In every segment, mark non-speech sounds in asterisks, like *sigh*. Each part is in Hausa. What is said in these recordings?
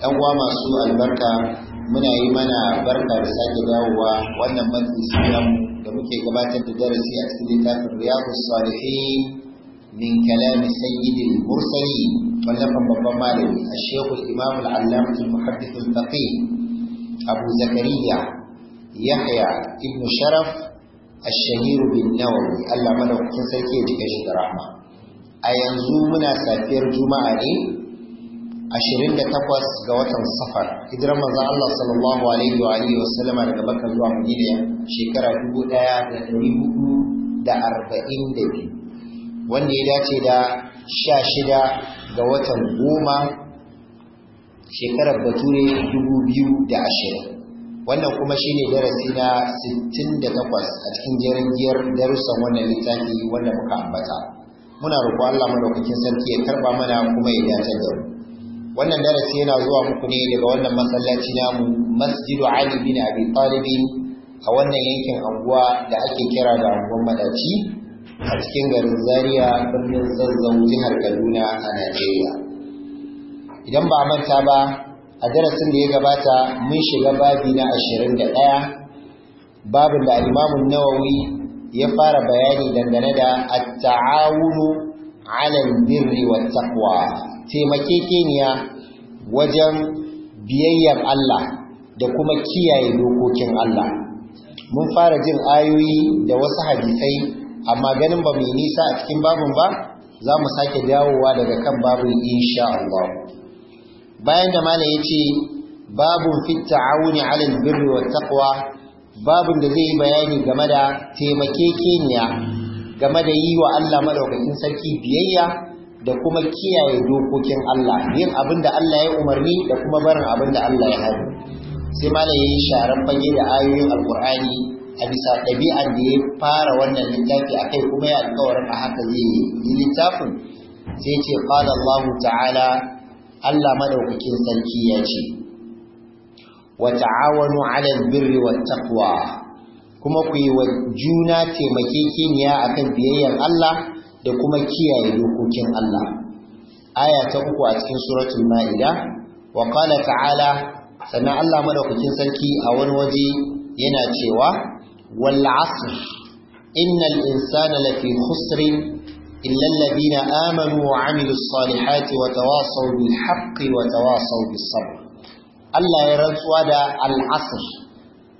'yan uwa masu albarka muna yi mana barka da sake dawowa wannan majalisi namu da muke gabatar da darasi a cikin littafin riyadus salihin min kalami sayyidil mursalin wallafan babban malami a shekul imam al'allamatu muhaddith al-faqih abu zakariya yahya ibn sharaf Allah بالنووي الله ملوك كن سيكي جكش رحمه a yanzu muna safiyar juma'a ne 28 ga watan safar hijirar maza Allah sallallahu alaihi wa alihi wa sallama daga Makka zuwa Madina shekara 1442 wanda ya dace da 16 ga watan goma shekarar bature 2020 wannan kuma shine darasi na 68 a cikin jerin giyar darussan wannan littafi wanda muka ambata muna roƙo Allah madaukakin sarki ya karba mana kuma ya dace da mu wannan darasi yana zuwa muku ne daga wannan masallaci namu masjidu ali bin abi talib a wannan yankin anguwa da ake kira da anguwan madaci a cikin garin zaria birnin zazzau jihar kaduna a najeriya idan ba manta ba a darasin da ya gabata mun shiga babi na ashirin da ɗaya babin da alimamun nawawi ya fara bayani dangane da at-ta'awunu 'ala al-birri wat-taqwa taimakekeniya wajen biyayyar Allah da kuma kiyaye dokokin Allah mun fara jin ayoyi da wasu hadisai amma ganin ba mai nisa a cikin babun ba za mu sake dawowa daga kan babu insha Allah bayan da malam ya ce babun fit ta'awuni 'alal birri wat taqwa babun da zai yi bayani game da taimakekeniya game da yi wa Allah madaukakin sarki biyayya da kuma kiyaye dokokin Allah yin abin da Allah ya umarni da kuma barin abin da Allah ya hari sai malam ya yi sharan fage da ayoyin alkur'ani a bisa ɗabi'ar da ya fara wannan littafi a kai kuma ya alkawarin a haka zai yi littafin sai ce qala Allah ta'ala Allah maɗaukakin sarki ya ce wa ta'awanu 'alal birri wa taqwa kuma ku yi wa juna taimakekeniya akan biyayyar Allah da kuma kiyaye dokokin Allah aya ta uku a cikin suratul maida wa qala ta'ala sannan Allah madaukakin sarki a wani waje yana cewa wal 'asr innal insana lafi khusrin illa alladhina amanu wa 'amilus salihati wa tawasaw bil haqqi wa tawasaw bis sabr Allah ya rantsuwa da al 'asr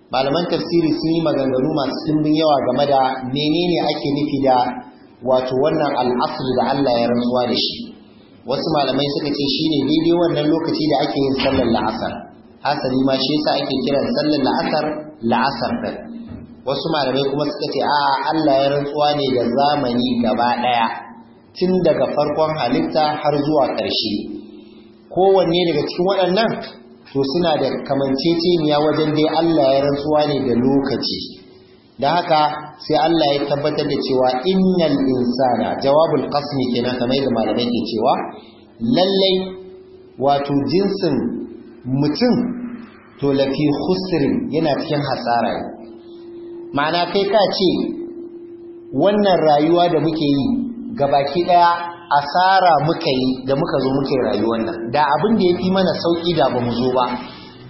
malaman tafsiri sun yi maganganu masu dimbin yawa game da menene ake nufi da wato wannan al'asr da Allah ya rantsuwa da shi wasu malamai suka ce shine daidai wannan lokaci da ake yin sallar la'asar hasali ma shi yasa ake kiran sallar la'asar la'asar din wasu malamai kuma suka ce a Allah ya rantsuwa ne da zamani gaba daya tun daga farkon halitta har zuwa ƙarshe kowanne daga cikin waɗannan to suna da kamanceceniya wajen dai Allah ya rantsuwa ne da lokaci da haka sai Allah ya tabbatar da cewa innal insana jawabul qasmi kenan kamar yadda malamai ke cewa lallai wato jinsin mutum to lafi khusrin yana cikin hasara ma'ana kai ka ce wannan rayuwa da muke yi gabaki daya asara muka yi da muka zo muke rayuwar nan da abin da ya mana sauki da ba mu zo ba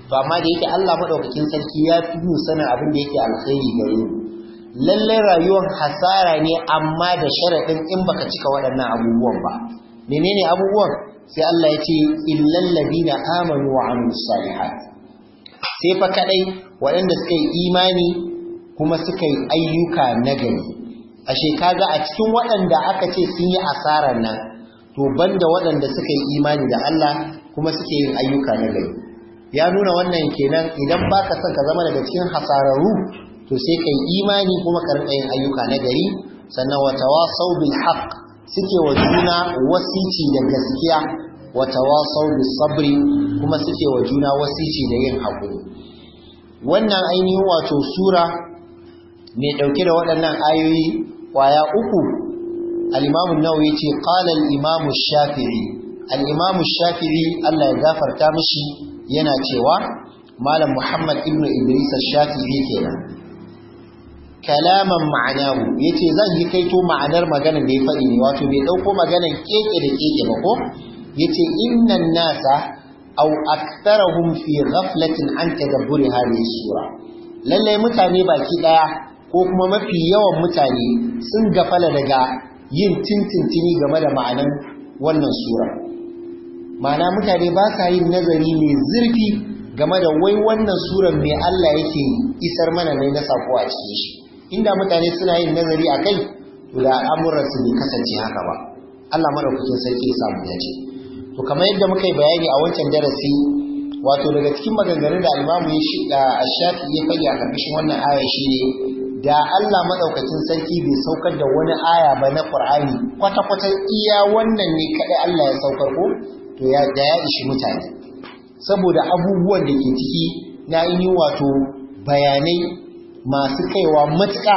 to amma da yake Allah madaukakin sarki ya fi mu sanin abin da yake alkhairi gare mu lallai rayuwar hasara ne amma da sharaɗin in baka cika waɗannan abubuwan ba menene abubuwan sai Allah ya ce illal ladina amanu wa amilus salihat sai fa kadai waɗanda suka yi imani kuma suka yi ayyuka nagari ashe kaga a cikin waɗanda aka ce sun yi asarar nan to banda waɗanda suka yi imani da Allah kuma suke yin ayyuka nagari ya nuna wannan kenan idan baka son ka zama daga cikin hasararru to sai kai imani kuma ka ayyuka na gari sannan wata wasau bil haq suke wa juna wasici da gaskiya wata wasau bis sabri kuma suke wa juna wasici da yin hakuri wannan ainihin wato sura mai ɗauke da waɗannan ayoyi ƙwaya uku al nawa an-Nawawi ce qala al shafii al Allah ya gafarta mishi yana cewa Malam Muhammad ibn Idris al-Shafi'i kenan kalaman ma'anahu yace zan yi kaito ma'anar maganar da ya faɗi ne wato bai ɗauko maganar keke da keke ba ko yace innan nasa aw aktharuhum fi ghaflatin an tadabburi hadhihi sura lalle mutane baki ɗaya, ko kuma mafi yawan mutane sun gafala daga yin tintintini game da ma'anar wannan sura ma'ana mutane ba sa yin nazari mai zurfi game da wai wannan suran mai Allah yake isar mana ne na sako a cikin shi inda mutane suna yin nazari a kai to da al'amuran su bai kasance haka ba Allah madaukakin sarki ya samu ya ce to kamar yadda muka yi bayani a wancan darasi wato daga cikin maganganun da al'imamu ya shi da ashafi ya fage a karkashin wannan aya shine da Allah madaukakin sarki bai saukar da wani aya ba na Qur'ani kwata kwata iya wannan ne kadai Allah ya saukar ko to ya da ya ishi mutane saboda abubuwan da ke ciki na yi wato bayanai masu kaiwa matuka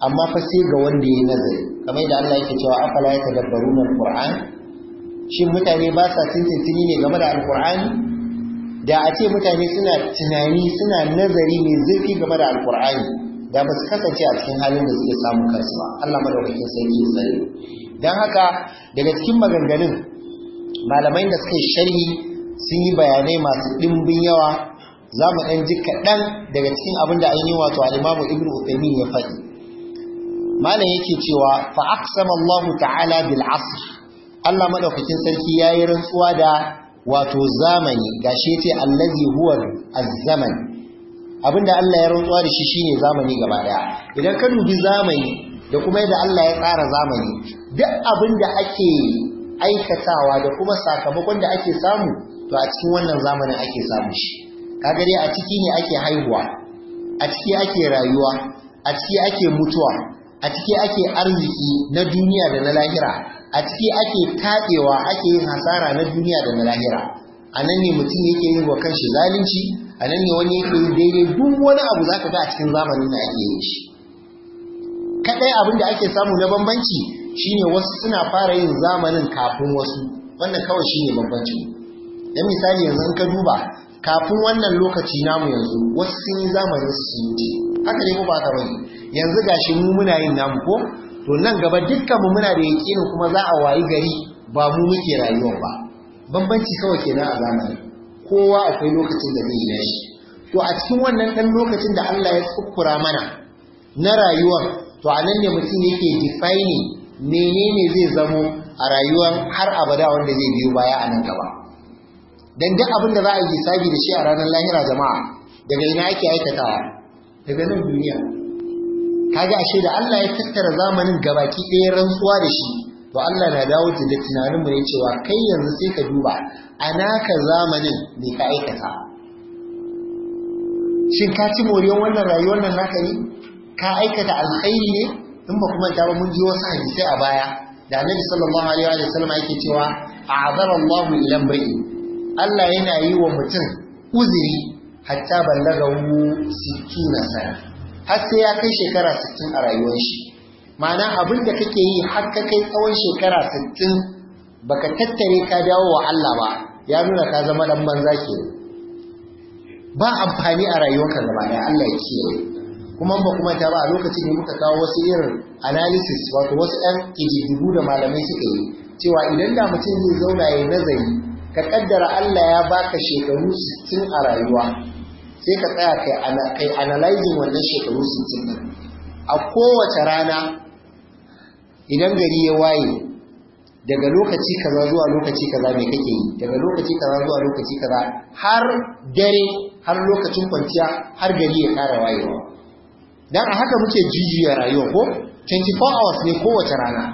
amma fa ga wanda ya nazari kamar yadda Allah yake cewa afala ya tadabbaru min qur'an shin mutane ba sa tintintini ne game da alqur'ani da a ce mutane suna tunani suna nazari mai zurfi game da alqur'ani da ba su kasance a cikin halin da suke samu kansu ba Allah madaukakin sarki ya sani dan haka daga cikin maganganun malamai da suka sharhi sun yi bayanai masu dimbin yawa za mu ɗan ji kaɗan daga cikin abin da ainihin wato alimamu ibn uthaymin ya faɗi malam yake cewa fa aqsama Allah ta'ala bil asr Allah madaukakin sarki yayi rantsuwa da wato zamani gashi yace allazi huwa az-zaman abinda Allah ya rantsuwa da shi shine zamani gaba daya idan ka dubi zamani da kuma yadda Allah ya tsara zamani duk abinda ake aikatawa da kuma sakamakon da ake samu to a cikin wannan zamanin ake samu shi kaga dai a ciki ne ake haihuwa a ciki ake rayuwa a ciki ake mutuwa a ciki ake arziki na duniya da na lahira a ciki ake taɗewa ake yin hasara na duniya da na lahira a nan ne mutum yake yi wa kanshi zalunci a nan ne wani yake yi daidai duk wani abu za ka ga a cikin zamanin da ake yin shi kaɗai abin da ake samu na bambanci shine wasu suna fara yin zamanin kafin wasu wannan kawai shine bambancin dan misali yanzu in ka duba kafin wannan lokaci namu yanzu wasu sun yi zamanin su sun haka ne ko ba ka bane yanzu gashi mu muna yin namu ko to nan gaba dukkan mu muna da yakinin kuma za a wayi gari ba mu muke rayuwar ba bambanci kawai kenan a zamani kowa akwai lokacin da zai yi shi to a cikin wannan dan lokacin da Allah ya tsukura mana na rayuwar to a nan ne mutum yake defining menene zai zamo a rayuwar har abada wanda zai biyo baya a nan gaba dan duk abin da za a yi sabi da shi a ranar lahira jama'a daga ina ake aikatawa daga nan duniya kaga ashe da Allah ya tattara zamanin gabaki ɗaya rantsuwa da shi to Allah na dawo da tunanin mu ne cewa kai yanzu sai ka duba a naka zamanin me ka aikata shin ka ci moriyon wannan rayuwar nan naka ne ka aikata alkhairi ne in ba kuma ba mun ji wasu hadisai a baya da annabi sallallahu alaihi wa sallam yake cewa a'adara Allahu ila mar'i Allah yana yi wa mutum uzuri hatta ballagahu 60 sana har sai ya kai shekara 60 a rayuwar shi ma'ana abin da kake yi har ka kai tsawon shekara 60 baka tattare ka dawo wa Allah ba ya nuna ka zama dan banza ke ba amfani a rayuwarka gaba ɗaya Allah ya kiyaye kuma ba kuma ta ba a lokacin da muka kawo wasu irin analysis wato wasu ɗan kijijibu da malamai suka yi cewa idan da mutum zai zauna ya nazari ka kaddara Allah ya baka shekaru 60 a rayuwa sai ka tsaya kai analyzing wannan shekaru 60 din a kowace rana idan gari ya waye daga lokaci kaza zuwa lokaci kaza me kake yi daga lokaci kaza zuwa lokaci kaza har dare har lokacin kwanciya har gari ya kara wayewa dan a haka muke jijiya rayuwa ko 24 hours ne kowace rana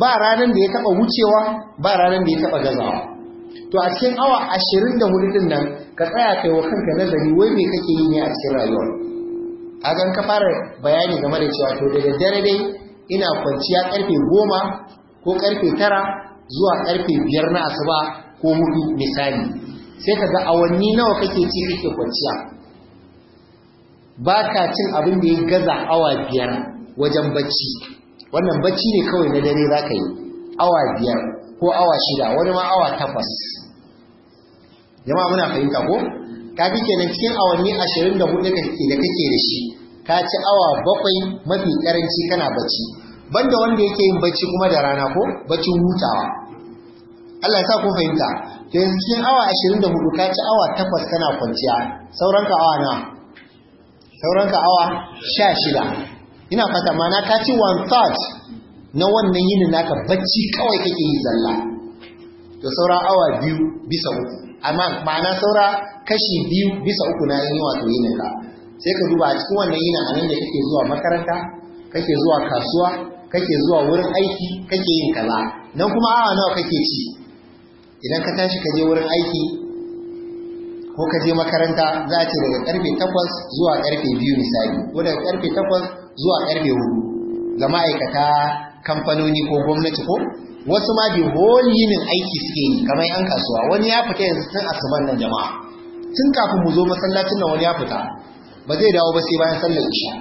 ba ranan da ya taba wucewa ba ranan da ya taba gazawa to a cikin awa ashirin da hudu din nan ka tsaya kai wa kanka nazari wai me kake yi ne a cikin A gan ka fara bayani game da cewa to daga dare dai ina kwanciya karfe goma ko karfe tara zuwa karfe biyar na asuba ko hudu misali sai ka ga awanni nawa kake ci kake kwanciya ba ka cin abin da ya gaza awa biyar wajen bacci wannan bacci ne kawai na dare za ka yi awa biyar ko awa shida wani ma awa takwas jama'a muna fahimta ko kafi kenan cikin awanni ashirin da hudu da kake da shi ka ci awa bakwai mafi karanci kana bacci banda wanda yake yin bacci kuma da rana ko baccin hutawa Allah ya sa kun fahimta to yanzu cikin awa ashirin da hudu ka ci awa takwas kana kwanciya ka awa na ka awa sha shida ina fata na ka ci one third na wannan yinin naka bacci kawai kake yi zalla to saura awa biyu bisa uku amma ma'ana saura kashi biyu bisa uku na yin wato yini ka sai ka duba a cikin wannan yinin a nan da kake zuwa makaranta kake zuwa kasuwa kake zuwa wurin aiki kake yin kaza nan kuma awa nawa kake ci idan ka tashi ka je wurin aiki ko ka je makaranta za a ce daga karfe 8 zuwa karfe 2 misali ko daga karfe 8 zuwa karfe 4 ga ma'aikata kamfanoni ko gwamnati ko wasu ma bi whole yinin aiki suke yi kamar yan kasuwa wani ya fita yanzu tun asuban nan jama'a tun kafin mu zo masallacin nan wani ya fita ba zai dawo ba sai bayan sallar isha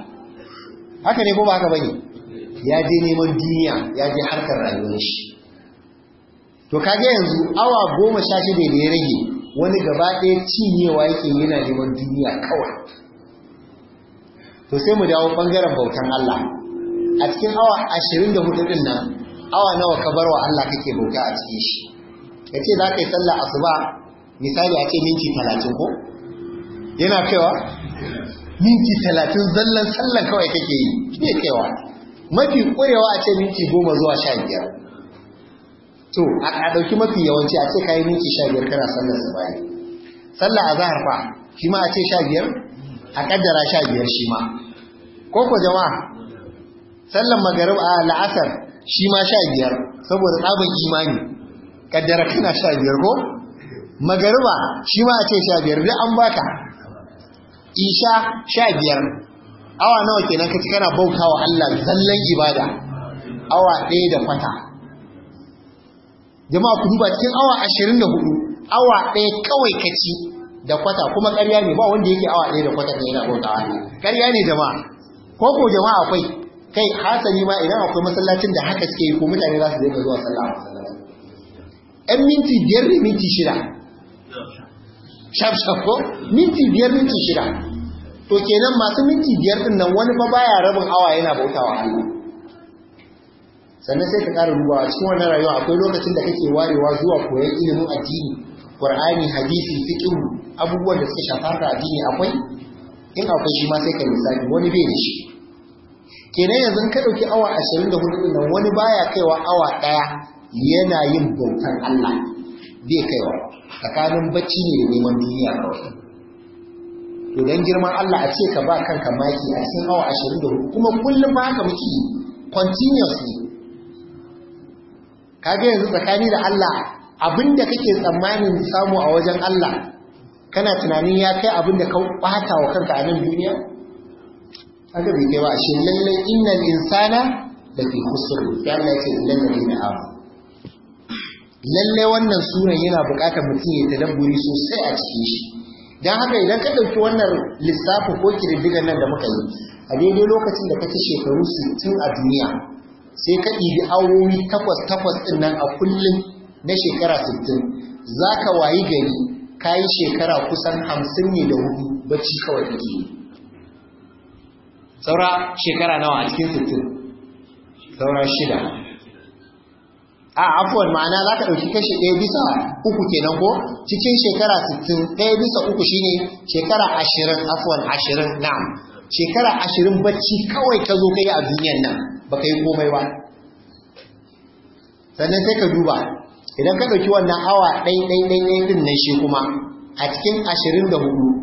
haka ne ko ba haka bane ya je neman duniya ya je harkar rayuwar shi to kage yanzu awa goma sha shida da ya rage wani gaba ɗaya cinyewa yake yana neman duniya kawai to sai mu dawo ɓangaren bautan Allah a cikin awa ashirin da hudu din nan awa nawa ka bar wa Allah kake bauta a cikin shi ya ce za ka yi sallah asuba misali a ce minti talatin ko yana kaiwa minti talatin zallan sallan kawai kake yi ne kaiwa mafi ƙurewa a ce minti goma zuwa sha biyar to a ɗauki mafi yawanci a ce ka yi minti sha biyar kana sallar asuba ne sallah a zahar fa shi ma a ce sha biyar a ƙaddara sha biyar shi ma ko ko jama'a sallan magarib a la'asar shi ma sha biyar saboda tsaban imani kaddara kana sha biyar ko magariba shi ma a ce sha biyar duk an baka isha sha biyar awa nawa kenan ka ci kana bauta wa Allah zallan ibada awa ɗaya da fata jama'a ku duba cikin awa ashirin da hudu awa ɗaya kawai ka ci da kwata kuma ƙarya ne ba wanda yake awa ɗaya da kwata ne yana bautawa ƙarya ne jama'a ko ko jama'a akwai kai hasali ma idan akwai masallacin da haka suke yi ko mutane za su daina zuwa sallah Yan minti biyar da minti shida shaf minti biyar minti shida to kenan masu minti biyar din nan wani ba baya rabin awa yana bautawa hannu sannan sai ka ƙara rubawa cikin wannan rayuwa akwai lokacin da kake warewa zuwa koyon ilimin addini Qur'ani hadisi fiqh abubuwan da suka shafa addini akwai in akwai shi ma sai ka misali wani bai da shi kenan yanzu ka ɗauki awa ashirin da hudu nan wani baya kaiwa awa ɗaya yana yin bautar Allah bai kaiwa tsakanin bacci ne da neman duniya kawai to dan girman Allah a ce ka ba kanka maki a cikin awa ashirin da hudu kuma kullum ba haka muke continuously kaga yanzu tsakani da Allah abinda kake tsammanin samu a wajen Allah kana tunanin ya kai abinda ka ɓata wa kanka a nan duniya haka bai kai ba ashe lallai inna insana lafi khusr sai Allah ya ce inna ladina amanu lallai wannan sunan yana buƙatar mutum ya tadabburi sosai a cikin shi dan haka idan ka ɗauki wannan lissafi ko kididdigan nan da muka yi a daidai lokacin da kake shekaru 60 a duniya sai ka ɗibi awowi takwas takwas ɗin nan a kullum na shekara 60 za ka wayi gari ka yi shekara kusan 50 ne da hudu bacci kawai kake yi saura shekara nawa a cikin sittin saura shida a afuwar ma'ana za ka ɗauki kashe ɗaya bisa uku kenan ko cikin shekara sittin ɗaya bisa uku shine shekara ashirin afuwar ashirin na. shekara ashirin bacci kawai ka zo ka yi a duniyan nan ba ka yi komai ba sannan sai ka duba idan ka ɗauki wannan awa ɗai ɗai ɗai ɗin nan shi kuma a cikin ashirin da hudu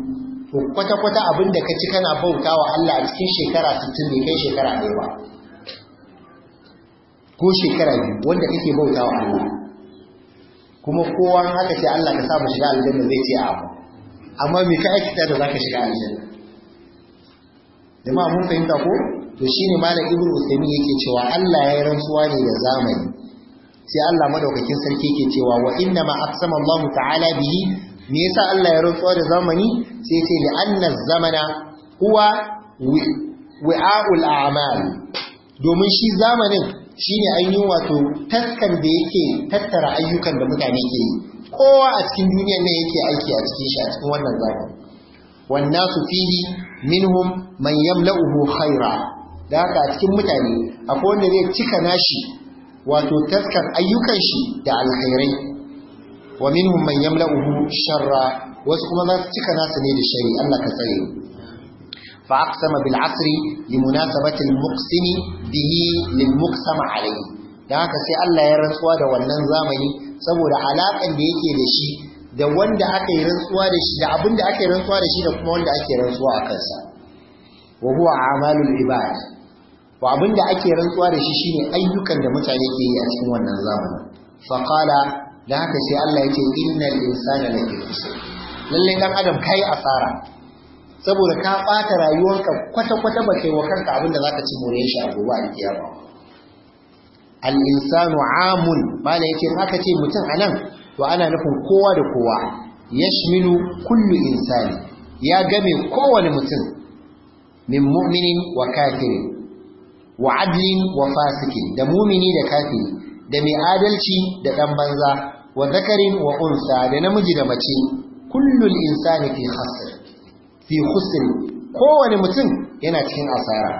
to kwata-kwata abin da ka ci kana bauta wa Allah a cikin shekara 60 ne kai shekara ɗaya ba ko shekara biyu wanda kake bauta wa Allah kuma kowa haka sai Allah ka samu shiga aljanna zai ce abu amma me ka aikata da zaka shiga aljanna jama'a mun fahimta ko to shine malam ibnu usaimin yake cewa Allah ya yi rantsuwa ne da zamani sai Allah madaukakin sarki yake cewa wa inna ma aqsama Allah ta'ala bihi me yasa Allah ya rantsuwa da zamani sai sai da annas zamana huwa wi'a'ul a'mal domin shi zamanin shine an yi wato taskan da yake tattara ayyukan da mutane ke yi kowa a cikin duniyar nan yake aiki a cikin shi a cikin wannan zamanin? wannan su fihi minhum man yamla'uhu khaira da haka a cikin mutane akwai wanda zai cika nashi wato taskar ayyukan shi da alkhairai wa minhum man yamla'uhu sharra wasu kuma za su cika nasa ne da shari Allah ka tsare fa aqsama bil asri li munasabati al muqsimi bihi lil muqsama alayhi dan haka sai Allah ya rantsuwa da wannan zamani saboda alakan da yake da shi da wanda aka yi rantsuwa da shi da abin aka yi rantsuwa da shi da kuma wanda ake rantsuwa a kansa wa huwa amalul ibad wa abin da ake rantsuwa da shi shine ayyukan da mutane ke yi a cikin wannan zamanin fa qala dan haka sai Allah ya ce innal insana lafi khusr lalle dan adam kai asara saboda ka bata rayuwarka kwata kwata ba kai wa kanka abin da zaka ci more shi a gobe a kiyama al insanu amun bala yake aka ce mutum anan to ana nufin kowa da kowa yashmilu kullu insani ya game kowane mutum min mu'minin wa kafirin wa adlin wa fasikin da mumini da kafiri da mai adalci da dan banza wa zakarin wa unsa da namiji da mace kullul insani fi khasr fi khusr kowane mutum yana cikin asara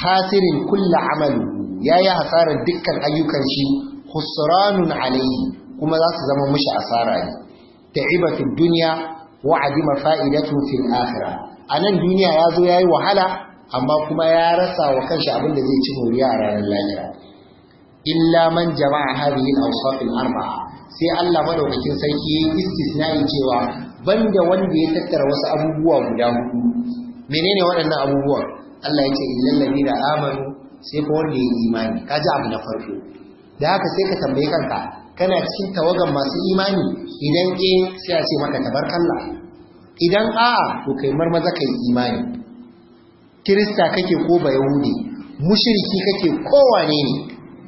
hasirin kullu amali yayi hasarar dukkan ayyukan shi khusranun alayhi kuma za su zama mushi asara ne ta'iba fi dunya wa adima fa'idatu fil akhirah anan duniya yazo yayi wahala amma kuma ya rasa wa kanshi abin da zai ci moriya a ranar lahira illa man jama'a hadhihi al-awsaf al-arba'a sai Allah madaukakin sarki istisna'i cewa banda wanda ya tattara wasu abubuwa guda hudu menene waɗannan abubuwan Allah ya ce illal ladina amanu sai ko wanda ya imani kaji abu na farko da haka sai ka tambaye kanka kana cikin tawagan masu imani idan eh sai a ce maka tabarkallah idan a'a to kai marmaza kai imani kirista kake ko ba yahudi mushriki kake kowane ne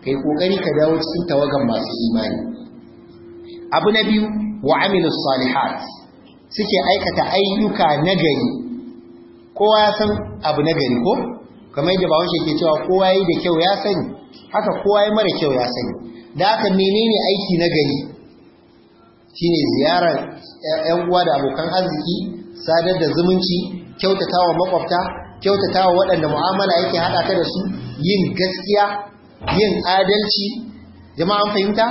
kai kokari ka dawo cikin tawagan masu imani abu na biyu wa amilus salihat suke aikata ayyuka nagari kowa ya san abu nagari ko kamar yadda bawo ke cewa kowa yi da kyau ya sani haka kowa yi mara kyau ya sani da haka menene aiki nagari shine ziyarar 'yan uwa da abokan arziki sadar da zumunci kyautatawa makwabta kyautatawa waɗanda mu'amala yake haɗa ka da su yin gaskiya yin adalci jama'an fahimta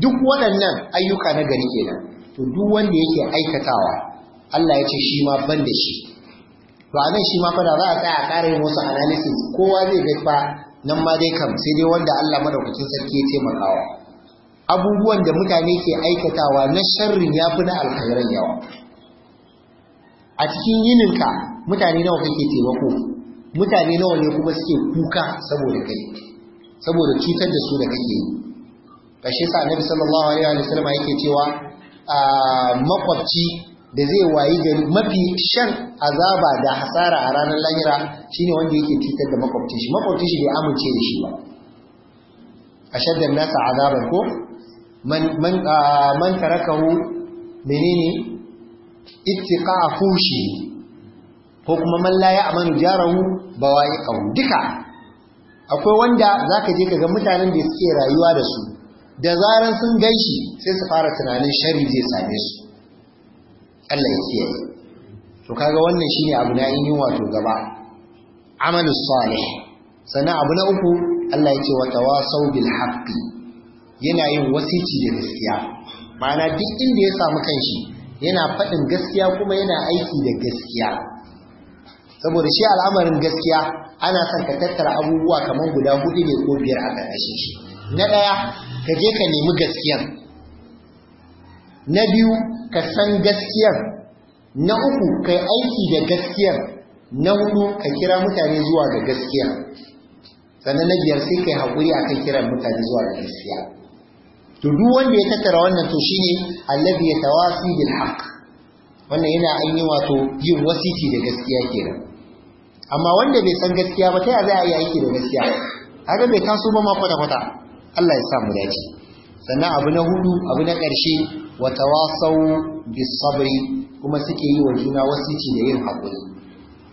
duk waɗannan ayyuka na gari kenan to duk wanda yake aikatawa Allah ya ce shi ma ban da shi to a nan shi ma fada za a tsaya a ƙara yin wasu analysis kowa zai ga fa nan ma dai kam sai dai wanda Allah madaukakin sarki ya taimakawa abubuwan da mutane ke aikatawa na sharrin ya fi na alkhairan yawa a cikin yininka mutane nawa kake taimako mutane nawa ne kuma suke kuka saboda kai saboda cutar da su da kake yi kashe sa annabi sallallahu alaihi wa sallam yake cewa a makwabci da zai wayi gari mafi shan azaba da hasara a ranar lahira shine wanda yake cutar da makwabci shi makwabci shi bai amince da shi ba ashaddan nasa azaban ko man man man tarakahu menene ittiqa fushi ko kuma man la wa jarahu bawa'iqahu duka akwai wanda za ka je ga mutanen da suke rayuwa da su da zaran sun gan shi sai su fara tunanin shari zai same su Allah ya kiyaye to kaga wannan shine abu na yin wato gaba amalu salih sannan abu na uku Allah ya ce wa tawasau bil haqqi yana yin wasici da gaskiya ma'ana duk inda ya samu kanshi yana faɗin gaskiya kuma yana aiki da gaskiya saboda shi al'amarin gaskiya ana son ka tattara abubuwa kamar guda hudu ne ko biyar a ƙarƙashin shi na ɗaya ka je ka nemi gaskiyan na biyu ka san gaskiyar na uku ka yi aiki da gaskiyar na hudu ka kira mutane zuwa ga gaskiya sannan na biyar sai ka yi haƙuri a kan kiran mutane zuwa ga gaskiya to duk wanda ya tattara wannan to shine allabi ya tawasi bil haq, wannan yana an yi wato yin wasiti da gaskiya kenan amma wanda bai san gaskiya ba ta yaya za a yi aiki da gaskiya haka bai taso ba ma kwata-kwata Allah ya sa mu dace sannan abu na hudu abu na ƙarshe wa tawasau bis sabri kuma suke yi wa juna wasici da yin haƙuri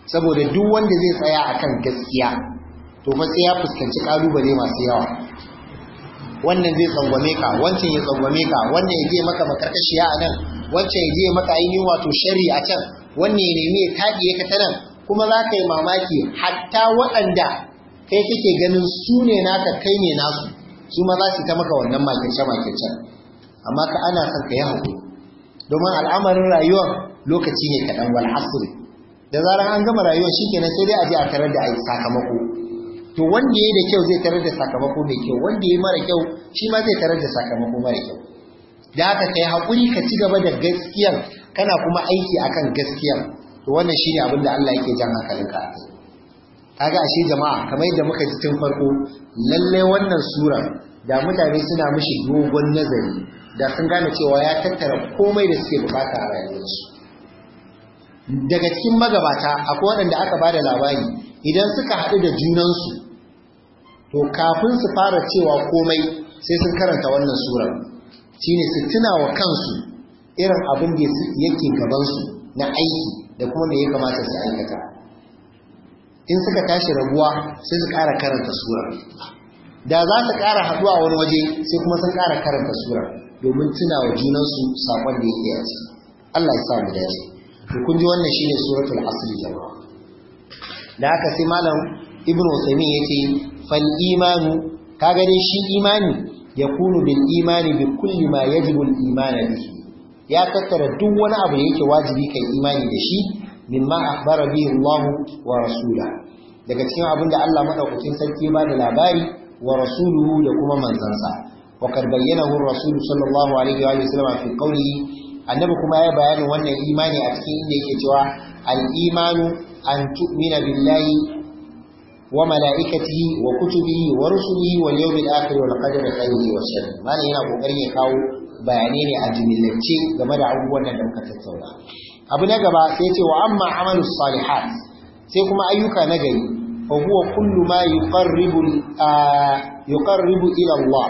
saboda duk wanda zai tsaya akan gaskiya to fa sai ya fuskanci kalubale masu yawa wannan zai tsangwame ka wancan ya tsangwame ka wannan ya je maka makarkashiya a nan wancan ya je maka ainihin wato shari'a a can wannan ya nemi ya taɗiye ka ta nan kuma za ka yi mamaki hatta waɗanda kai kake ganin su ne naka kai ne nasu su ma za su ta maka wannan makirce makirce amma ka ana son ka yi haƙuri domin al'amarin rayuwar lokaci ne kaɗan wal asiri da zarar an gama rayuwar shi kenan sai dai a je a tarar da sakamako to wanda ya yi da kyau zai tarar da sakamako mai kyau wanda ya yi mara kyau shi ma zai tarar da sakamako mara kyau da haka kai haƙuri ka ci gaba da gaskiyar kana kuma aiki akan gaskiyar to wannan shine abin da Allah yake jan hankalinka a kai ashe jama'a kamar yadda muka ji tun farko lalle wannan sura da mutane suna mishi dogon nazari da sun gane cewa ya tattara komai da suke bukata a rayuwarsu daga cikin magabata akwai waɗanda aka ba da labari idan suka haɗu da junansu to kafin su fara cewa komai sai sun karanta wannan sura shine su tuna wa kansu irin abin da yake gabansu na aiki da kuma me ya kamata su aikata in suka tashi rabuwa sai su ƙara karanta sura da za su ƙara haɗuwa wani waje sai kuma sun ƙara karanta sura domin tuna wa junansu sakon da yake a Allah ya sa mu dace to kun ji wannan shine suratul asr jama'a da haka sai malam ibnu usaymin yace fal imanu ka gani shi imani yakunu bil imani bi kulli ma yajibu al bihi ya tattara duk wani abu da yake wajibi kai imani da shi mimma akhbara bihi Allah wa rasula daga cikin abin da Allah madaukakin sarki ba da labari wa rasuluhu da kuma manzansa wa kad bayyanahu ar-rasul sallallahu alaihi wa sallam fi qawlihi annabi kuma ya bayani wannan imani a cikin inda yake cewa al-imanu an tu'mina billahi wa mala'ikatihi wa kutubihi wa rusulihi wal yawmil akhir wal qadari khayrihi wa sharri yana kokarin ya kawo bayanai ne a jimillance game da abubuwan da muka tattauna abu na gaba sai ce wa amma amalus salihat sai kuma ayyuka na gari fa huwa kullu ma yuqarribu yuqarribu ila Allah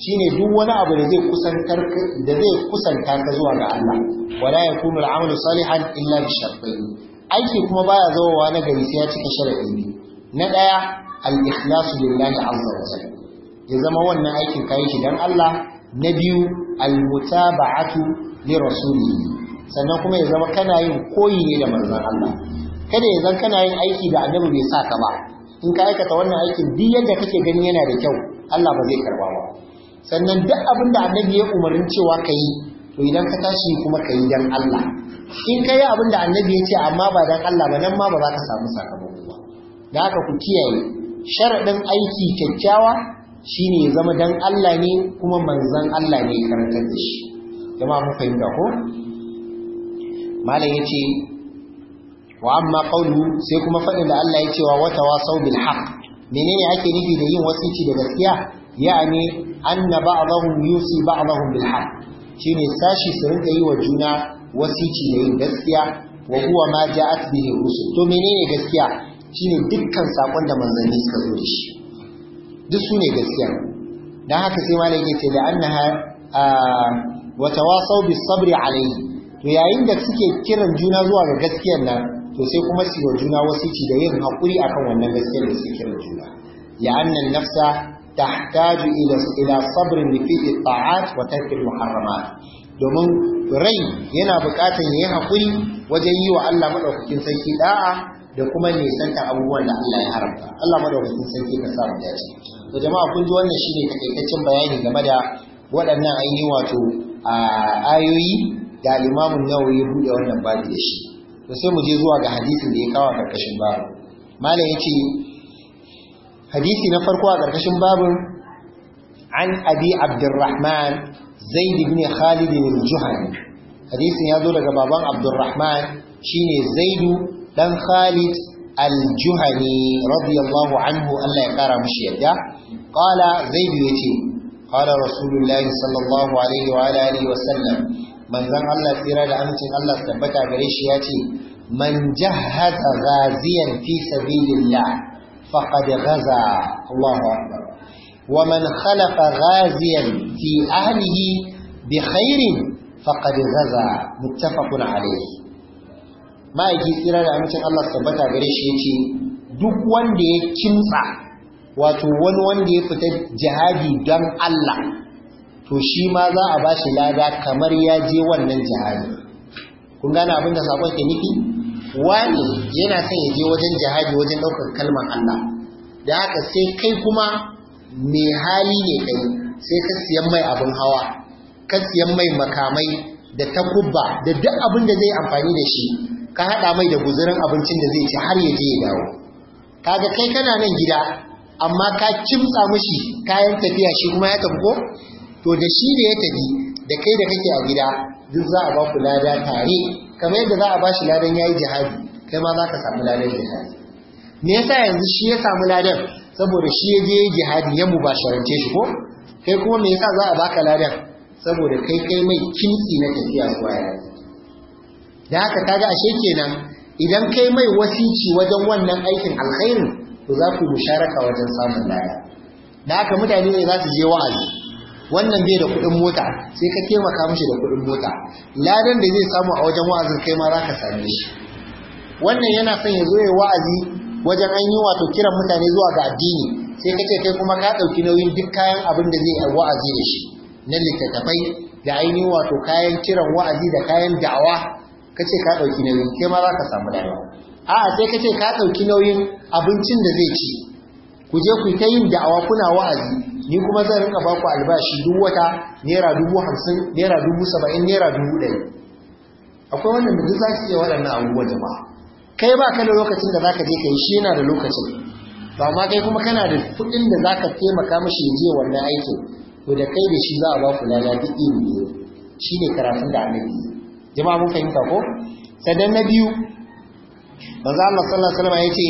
shine duk wani abu da zai kusantar da zai kusanta ka zuwa ga Allah wala yakunu al-amalu salihan illa bi shartain aiki kuma baya zawowa na gari sai ya cika sharadi ne na daya al-ikhlasu lillahi azza wa jalla ya zama wannan aikin kai shi dan Allah na biyu al-mutaba'atu li rasulihi sannan kuma ya zama kana yin koyi ne da manzon Allah kada ya zama kana yin aiki da annabi bai sa ka ba in ka aikata wannan aikin duk yadda kake gani yana da kyau Allah ba zai karba ba sannan duk abin da annabi ya umarni cewa ka yi to idan ka tashi kuma ka yi dan Allah in ka yi abin da annabi ya ce amma ba dan Allah ba nan ma ba za ka samu sakamako ba da haka ku kiyaye sharaɗin aiki kyakkyawa shine ya zama don Allah ne kuma manzan Allah ne karantar da shi jama'a yi fahimta ko malam ce wa amma qawlu sai kuma faɗin da Allah ya cewa wa wasau bil haqq menene ake nufi da yin wasici da gaskiya yani anna ba'dahum yusi ba'dahum bil shi ne sashi su rinka yi wa juna wasici da yin gaskiya wa huwa ma ja'at bihi rusul to menene gaskiya shine dukkan sakon da manzanni suka zo da shi duk su ne gaskiya dan haka sai malam yake ce da annaha wa tawasaw sabri alayhi to yayin da suke kiran juna zuwa ga gaskiyar nan to sai kuma su yi juna ci da yin hakuri akan wannan gaskiyar da suke kiran juna ya annan nafsa tahtaju ila ila sabrin fi ta'at wa tark al muharramat domin rai yana buƙatar yin hakuri wajen yi wa Allah madaukakin sarki da'a da kuma nisanta abubuwan da Allah ya haramta Allah madaukakin sarki ka sa mu dace to jama'a kun ji wannan shine takaitaccen bayani game da waɗannan ainihin wato a ayoyi da al-Imam Nawawi bude wannan babu da shi to sai mu je zuwa ga hadisin da ya kawo karkashin babu malam yace hadisi na farko a karkashin babu an abi abdurrahman zaid ibn khalid al-juhani hadisin ya zo daga baban abdurrahman shine zaidu dan Khalid al-Juhani radiyallahu anhu Allah ya kara mushi yadda qala zaid yace qala rasulullahi sallallahu alaihi wa alihi wa sallam manzon Allah tsira da amincin Allah tabbata gare shi yace man jahaza ghaziyan fi sabilillah faqad ghaza Allahu akbar wa man khalaqa ghaziyan fi ahlihi bi khairin faqad ghaza muttafaqun alayhi ma'aiki tsira da amincin Allah su tabbata gare shi yace duk wanda ya kintsa wato wani wanda ya fita jihadi don Allah to shi ma za a ba shi lada kamar ya je wannan jihadi kun gane abin da sakon ke nufi wani yana son ya je wajen jihadi wajen ɗaukar kalmar Allah da haka sai kai kuma mai hali ne kai sai ka siyan mai abin hawa ka siyan mai makamai da takubba da duk abin da zai amfani da shi ka haɗa mai da guzurin abincin da zai ci har ya je ya dawo kaga kai kana nan gida amma ka kimtsa mishi kayan tafiya shi kuma ya tafi ko to da shi da ya tafi da kai da kake a gida duk za a ba ku lada tare kamar yadda za a ba shi ladan yayi jihadi kai ma za ka samu ladan jihadi me yasa yanzu shi ya samu ladan saboda shi ya je jihadi ya mubasharance shi ko kai kuma me yasa za a baka ladan saboda kai kai mai kimtsi na tafiya zuwa yayi da haka kaga ashe kenan idan kai mai wasici wajen wannan aikin alkhairi to za ku musharaka wajen samun lada da haka mutane ne za su je wa'azi wannan bai da kuɗin mota sai ka taimaka mishi da kuɗin mota ladan da zai samu a wajen wa'azin kai ma za ka same shi wannan yana son ya zo ya wa'azi wajen an yi wato kiran mutane zuwa ga addini sai ka ce kai kuma ka ɗauki nauyin duk kayan abin da zai yi wa'azi da shi na littattafai da ainihin wato kayan kiran wa'azi da kayan da'awa ka ce ka ɗauki nauyin kai ma za ka samu lada a'a sai ka ce ka ɗauki nauyin abincin da zai ci ku je ku ta yin da'awa kuna wa'azi ni kuma zan rinka ba ku albashi duk wata naira dubu hamsin naira dubu saba'in naira dubu ɗari akwai wannan da duk za su iya waɗannan abubuwan jama'a kai ba ka da lokacin da za ka je ka yi shi yana da lokacin ba ma kai kuma kana da kuɗin da za ka taimaka mashi ya je wannan aikin to da kai da shi za a ba ku lada duk iri shi ne karatun da annabi jama'a mun fahimta ko sadan na biyu manzo Allah sallallahu alaihi wasallam yace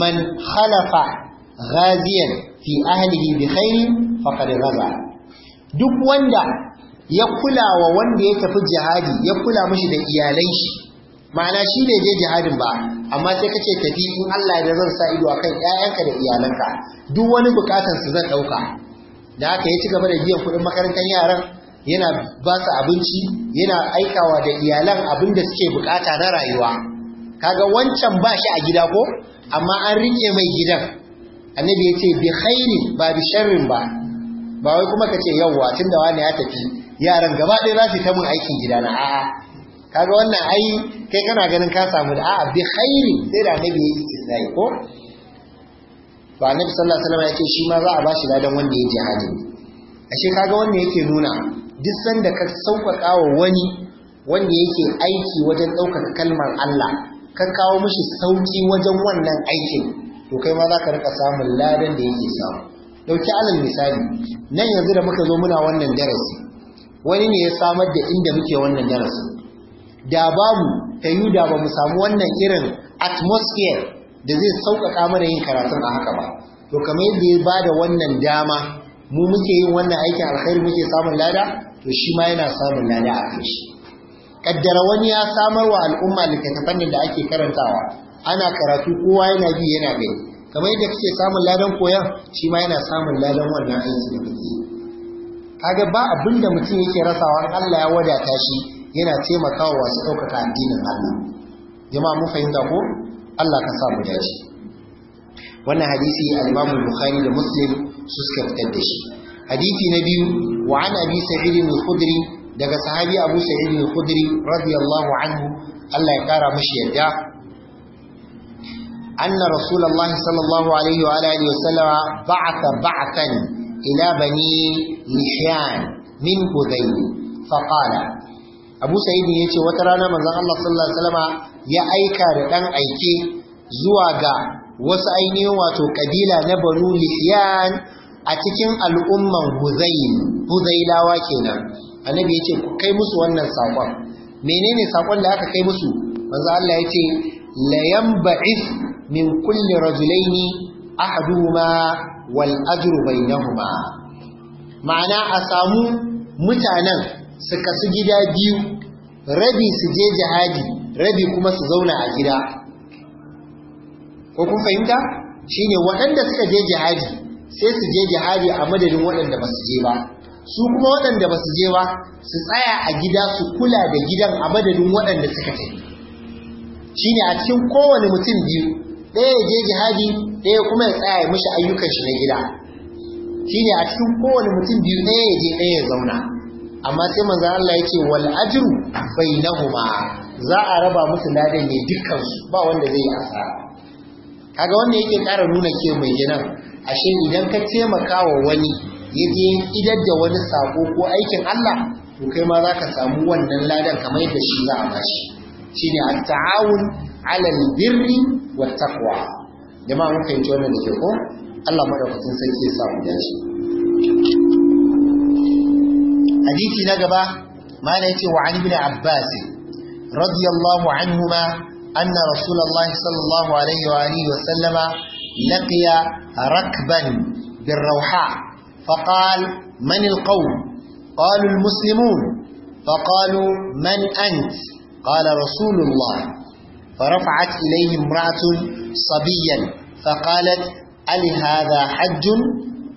man khalafa ghaziyan fi ahlihi bi khairin faqad ghaza duk wanda ya kula wa wanda ya tafi jihadi ya kula mishi da iyalai shi ma'ana shi ne je jihadin ba amma sai kace tafi in Allah ya zan sa ido akan ƴaƴanka da iyalanka duk wani bukatun su zan dauka da haka ya ci gaba da biyan kuɗin makarantar yaran yana ba su abinci yana aikawa da iyalan abin da suke bukata na rayuwa kaga wancan ba shi a gida ko amma an rike mai gidan annabi ya ce bi khairi ba bi sharrin ba ba wai kuma ka ce yawwa tunda wani ya tafi yaran gaba ɗaya za su ta mun aikin gida na a'a kaga wannan ai kai kana ganin ka samu da a'a bi khairi sai da annabi ya yi sai ko ba annabi sallallahu alaihi wasallam ya ce shi ma za a ba shi ladan wanda ya jihadi ashe kaga wanda yake nuna duk sanda ka sauƙaƙa wa wani wanda yake aiki wajen ɗaukaka kalmar Allah ka kawo mishi sauƙi wajen wannan aikin to kai ma za ka rika samun ladan da yake samu ɗauki alal misali nan yanzu da muka zo muna wannan darasi wani ne ya samar da inda muke wannan darasin da babu ta yi da ba mu samu wannan irin atmosphere da zai sauƙaƙa mana yin karatun a haka ba to kamar yadda ya ba wannan dama mu muke yin wannan aikin alkhairi muke samun lada to shi ma yana samun lada a kan shi kaddara wani ya samar wa al'umma littattafan da ake karantawa ana karatu kowa yana bi yana gani kamar yadda kake samun ladan koyan shi ma yana samun ladan wannan aiki da kake yi kaga ba abin mutum yake rasawa in Allah ya wadata shi yana taimakawa wasu ɗaukaka addinin Allah jama'a mun fahimta ko Allah ka sa mu dace wannan hadisi al-Imam Bukhari da Muslim su suka fitar da shi hadisi na biyu wa an abi sa'id bin khudri daga sahabi abu sa'id bin khudri radiyallahu anhu Allah ya kara mashi yadda anna rasulullahi sallallahu alaihi wa alihi wa ba'atha ila bani min abu sa'id ne yace wata rana manzon Allah sallallahu alaihi wa ya aika da dan aike zuwa ga wasu ainihin wato kabila na banu lihiyan a cikin al'umman huzain huzailawa kenan annabi yace ku kai musu wannan sakon menene saƙon da aka kai musu manzo Allah ya ce, la ba'is min kulli rajulaini ahaduma wal ajru bainahuma ma'ana a samu mutanen su kasu gida biyu rabi su je jihadi rabi kuma su zauna a gida ko kun fahimta shi ne waɗanda suka je jihadi sai su je jihadi a madadin waɗanda ba su je ba su kuma waɗanda ba su je ba su tsaya a gida su kula da gidan a madadin waɗanda suka tafi ne a cikin kowane mutum biyu ɗaya ya je jihadi ɗaya kuma ya tsaya mishi ayyukan shi na gida Shi ne a cikin kowane mutum biyu ɗaya ya je ɗaya ya zauna amma sai manzo Allah ya ce wal ajru bainahuma za a raba musu ladan ne dukkan su ba wanda zai yi asara kaga wanda yake ƙara nuna ke mai kenan ashe idan ka taimaka wa wani ya je idar da wani sako ko aikin Allah to kai ma za ka samu wannan ladan kamar yadda shi za a bashi shine at-ta'awun 'ala al-birri wat taqwa jama'a mun fahimci wannan da ke ko Allah madaukakin sarki ya samu dace hadisi na gaba na yace wa an ibn abbas radiyallahu anhuma أن رسول الله صلى الله عليه وآله وسلم لقي ركبا بالروحاء فقال من القوم قالوا المسلمون فقالوا من أنت قال رسول الله فرفعت إليه امرأة صبيا فقالت أل هذا حج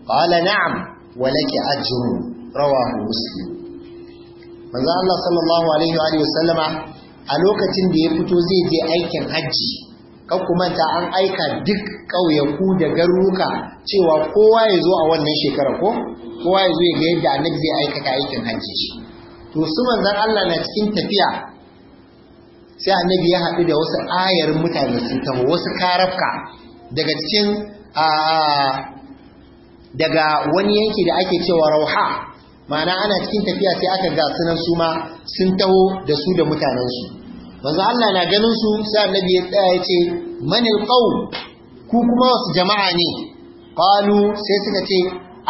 قال نعم ولك أجر رواه مسلم ماذا الله صلى الله عليه وآله وسلم a lokacin da ya fito zai je aikin hajji kan kumanta an aika duk ƙauyaku da garuruka cewa kowa ya zo a wannan shekara ko kowa ya zo ya ga yadda annabi zai aikata aikin hajji shi to su manzan Allah na cikin tafiya sai annabi ya haɗu da wasu ayar mutane sun taho wasu karafka daga cikin ah, daga wani yanki da ake cewa rauha ma'ana ana cikin tafiya sai aka ga sunan su ma sun taho da su da mutanen su. manzo Allah na ganin su sai annabi ya tsaya ya ce manil qaum ku kuma wasu jama'a ne qalu sai suka ce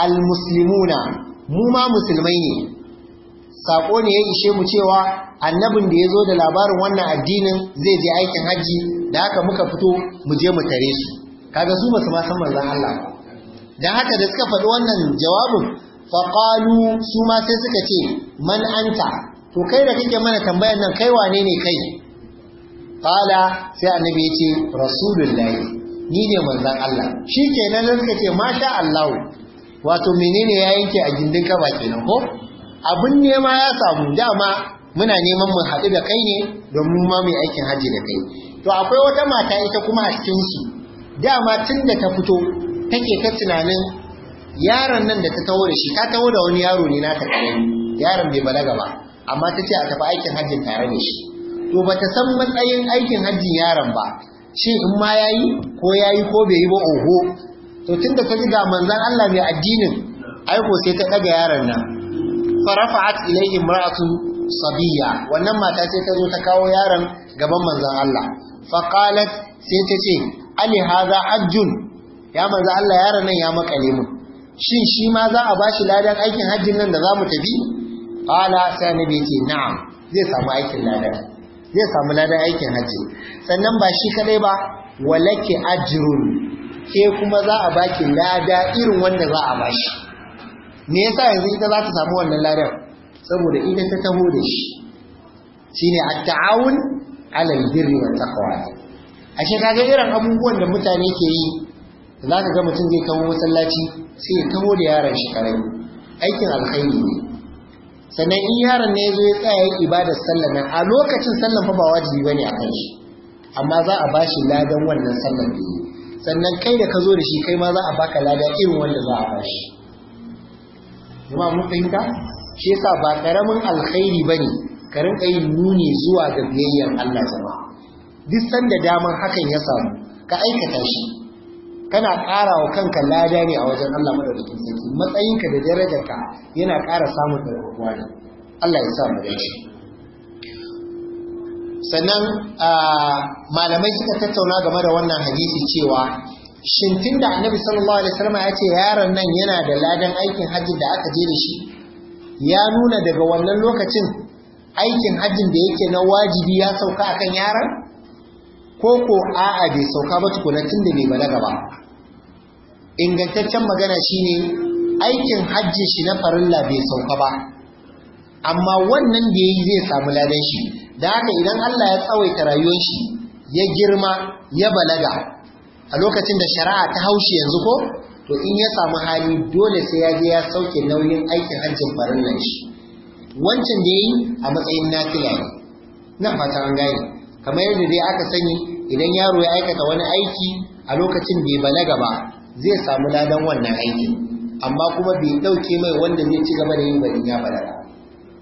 al muslimuna mu ma musulmai ne sako ne ya ishe mu cewa annabin da ya zo da labarin wannan addinin zai je aikin hajji da haka muka fito mu je mu tare su kaga su ba su ma san manzon Allah ba dan haka da suka faɗi wannan jawabin faƙalu su ma sai suka ce man anta to kai da kake mana tambayar nan kai wane ne kai fala sai annabi ya ce rasulullahi ni ne manzan Allah shi ke nan suka ce masha Allah wato menene ya yanke a gindin kaba kenan ko abin nema ya samu dama muna neman mu haɗu da kai ne domin ma mai aikin haji da kai to akwai wata mata ita kuma a cikin su dama tun da ta fito take ta tunanin yaron nan da ta taho da shi ta taho da wani yaro ne nata karami yaron bai balaga ba amma ta ce a tafi aikin hajjin tare da shi to ba ta san matsayin aikin hajjin yaron ba shin in ma yayi ko yayi ko bai yi ba oho to tunda ta ji ga manzon Allah mai addinin aiko sai ta daga yaron nan farafa'at ilayhi imra'atun sabiyya wannan mata sai ta zo ta kawo yaron gaban manzon Allah qalat sai ta ce ali hadha ajjun ya manzon Allah yaron nan ya makale mu shin shi ma za a bashi ladan aikin hajjin nan da za mu tafi Ƙala sai annabi ce na'am zai samu aikin ladan zai samu ladan aikin hajji sannan ba shi kadai ba walaki ajrun ke kuma za a baki lada irin wanda za a bashi me yasa yanzu ita za ta samu wannan ladan saboda idan ta taho da shi shine at-ta'awun 'ala al-birri taqwa ashe kaga irin abubuwan da mutane ke yi za ka ga mutum zai kawo masallaci sai ya taho da yaron shi ƙarami, aikin alkhairi ne sannan in yaron ne zo ya tsaya yin ibadar sallah nan a lokacin sallar fa ba wajibi bane a kan shi amma za a bashi ladan wannan sallar din sannan kai da ka zo da shi kai ma za a baka lada irin wanda za a bashi kuma mun fahimta shi yasa ba karamin alkhairi bane ka rinka yin nuni zuwa ga biyayyar Allah zama duk sanda daman hakan ya samu ka aikata shi kana ƙara wa kanka lada ne a wajen Allah madaukakin sarki matsayinka da ka yana ƙara samun ɗaukakuwa ne Allah ya sa mu dace sannan malamai suka tattauna game da wannan hadisi cewa shin da annabi sallallahu alaihi wasallam ya ce yaron nan yana da ladan aikin hajji da aka je da shi ya nuna daga wannan lokacin aikin hajjin da yake na wajibi ya sauka akan yaron ko ko a'a bai sauka ba tukuna da bai balaga ba ingantaccen magana shine aikin hajji shi na farilla bai sauka ba amma wannan da yi zai samu ladan shi da haka idan Allah ya tsawaita rayuwar shi ya girma ya balaga a lokacin da shari'a ta haushi yanzu ko to in ya samu hali dole sai ya je ya sauke nauyin aikin hajjin farillan shi wancan da yayi a matsayin nafila ne na fata an gane kamar yadda dai aka sani idan yaro ya aikata wani aiki a lokacin bai balaga ba zai samu ladan wannan aiki amma kuma bai dauke mai wanda zai ci gaba da yin barin ya balala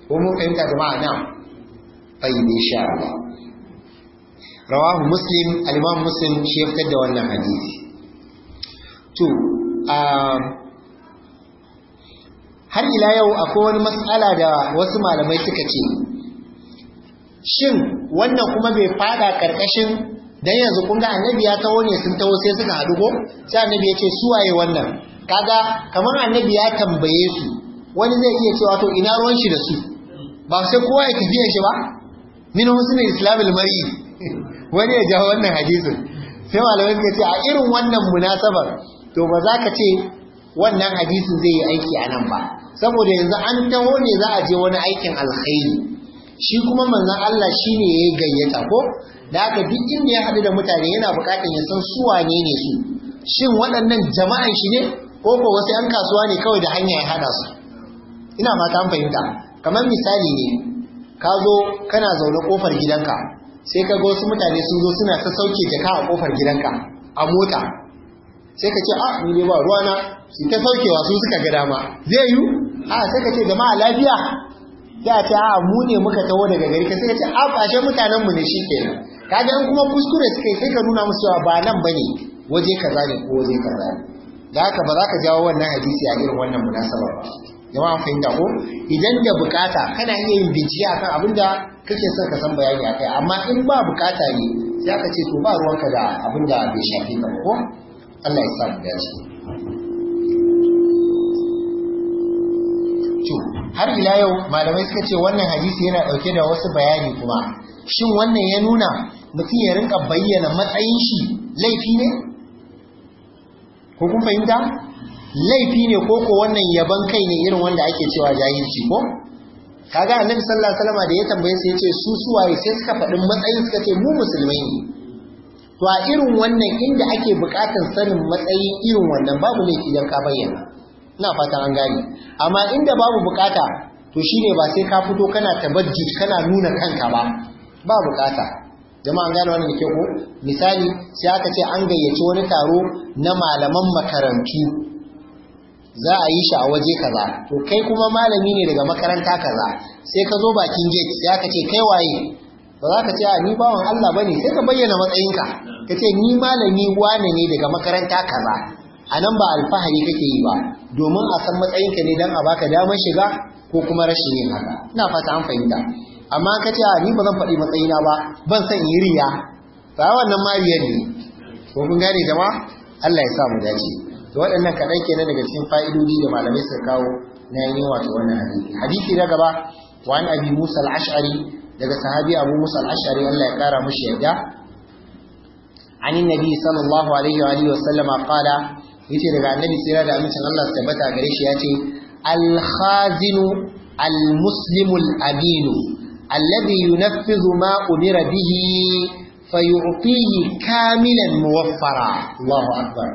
ko mun fahimta jama'a nan tayyib sha Allah rawahu muslim al-imam muslim shi ya fitar da wannan hadisi to um, har ila yau akwai wani matsala da wasu malamai suka ce shin wannan kuma bai fada karkashin dan yanzu kun ga annabi ya taho ne sun taho sai suka haɗu ko sai annabi ya ce su waye wannan kaga kamar annabi ya tambaye su wani zai iya cewa to ina ruwan shi da su ba sai kowa ya tafiya shi ba min husnul islamil mar'i *laughs* wani ya jawo wannan hadisin sai malamai ya ce a irin wannan munasabar to ba za ka ce wannan hadisin zai yi aiki anan ba saboda yanzu an taho ne za a je wani aikin alkhairi shi kuma manzon Allah shi ne ya gayyata ko da haka duk inda ya haɗu da mutane yana buƙatar ya san su wane ne su shin waɗannan jama'an shi ne ko ko wasu 'yan kasuwa ne kawai da hanya ya haɗa su ina mata an fahimta kamar misali ne ka zo kana zaune kofar gidanka sai ka ga wasu mutane sun zo suna ta sauke jaka a kofar gidanka a mota sai ka ce a ah, ni dai ba ruwana su ta saukewa su suka ga dama zai yi a sai ka ce jama'a lafiya ya ta a mu ne muka taho daga gari ka sai ce a ashe mutanen mu ne shikenan kaga in kuma kuskure suka yi sai ka nuna musu cewa ba nan bane waje kaza ne ko waje kaza ne da haka ba za ka jawo wannan hadisi a irin wannan munasaba ba jama'a fahimta ko idan da bukata kana iya yin bincike akan abin da kake son ka san bayani akai amma in ba bukata ne sai aka ce to ba ruwanka da abin da bai shafi ka ko Allah ya sa mu dace har ila yau malamai suka ce wannan hadisi yana ɗauke da wasu bayani kuma shin wannan ya nuna mutum ya rinka bayyana matsayin shi laifi ne ko kun fahimta laifi ne ko ko wannan yaban kai ne irin wanda ake cewa jahilci ko kaga annabi sallallahu alaihi wasallam da ya tambaye su yace su suwaye sai suka faɗi matsayin suka ce mu musulmai ne to a irin wannan inda ake buƙatar sanin matsayi irin wannan babu laifi dan ka bayyana ina fatan an gane amma inda babu bukata to shine ba sai ka fito kana tabajji kana nuna kanka ba ba bukata jama'a an gane wannan da ko misali sai aka ce an gayyaci wani taro na malaman makarantu za a yi shi a waje kaza to kai kuma malami ne daga makaranta kaza sai ka zo bakin gate sai aka ce kai waye ba za ka ce a ni bawan Allah bane sai ka bayyana matsayinka ka ce ni malami wane ne daga makaranta kaza a nan ba alfahari kake yi ba domin a san matsayinka ne don a baka damar shiga ko kuma rashin yin haka ina fata an fahimta amma ka ce ni ba zan faɗi matsayina ba ban san yi riya ba wannan ma riyar ne ko kun gane zama Allah ya sa mu dace da waɗannan ke kenan daga cikin fa'idodi da malamai suka kawo na yin wato wannan hadisi hadisi na gaba wa an abi musa al-ash'ari daga sahabi abu musa al-ash'ari Allah ya kara mushi yarda عن النبي صلى الله عليه وآله وسلم قال yace daga annabi tsira da amincin Allah su tabbata gare shi yace al-khazinu al-muslimu al-aminu alladhi yunaffizu ma umira bihi fayu'tihi kamilan muwaffara Allahu akbar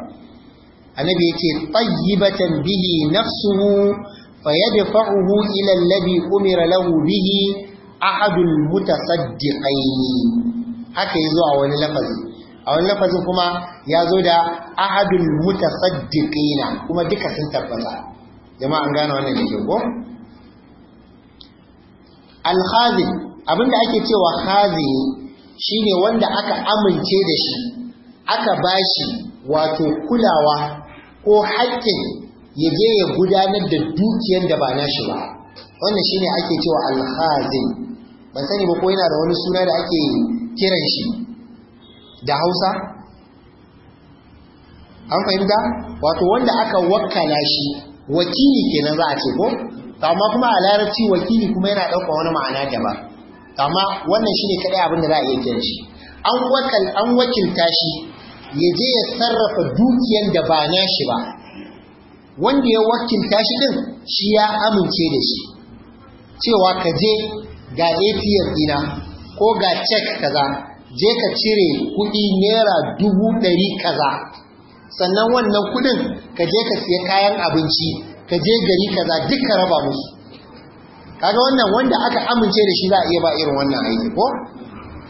annabi yace tayyibatan bihi nafsuhu fayadfa'uhu ila alladhi umira lahu bihi ahadul mutasaddiqain haka yazo a wani lafazi a wani lafazin kuma ya zo da ahadul mutasaddiqina kuma duka sun tabbata jama'a an gane wannan dake ko al-khazin abinda ake cewa khazini shine wanda aka amince da shi aka bashi wato kulawa ko haƙƙin ya je ya gudanar da dukiyar da ba nashi ba wannan shine ake cewa al-khazin ban sani ba ko yana da wani suna da ake kiran shi da hausa an fahimta wato wanda aka wakana shi wakili kenan za a ce ko amma kuma a larabci wakili kuma yana ɗauka wani ma'ana daban amma wannan shi ne kaɗai abin za a iya kiran shi an wakilta shi ya je ya sarrafa dukiyan da ba na shi ba wanda ya wakilta shi din shi ya amince da shi cewa ka je ga atm ɗina, ko ga cek kaza je ka cire kuɗi naira dubu ɗari kaza sannan wannan kuɗin ka je ka siya kayan abinci ka je gari kaza duk ka raba musu kaga wannan wanda aka amince da shi za a iya ba irin wannan aiki ko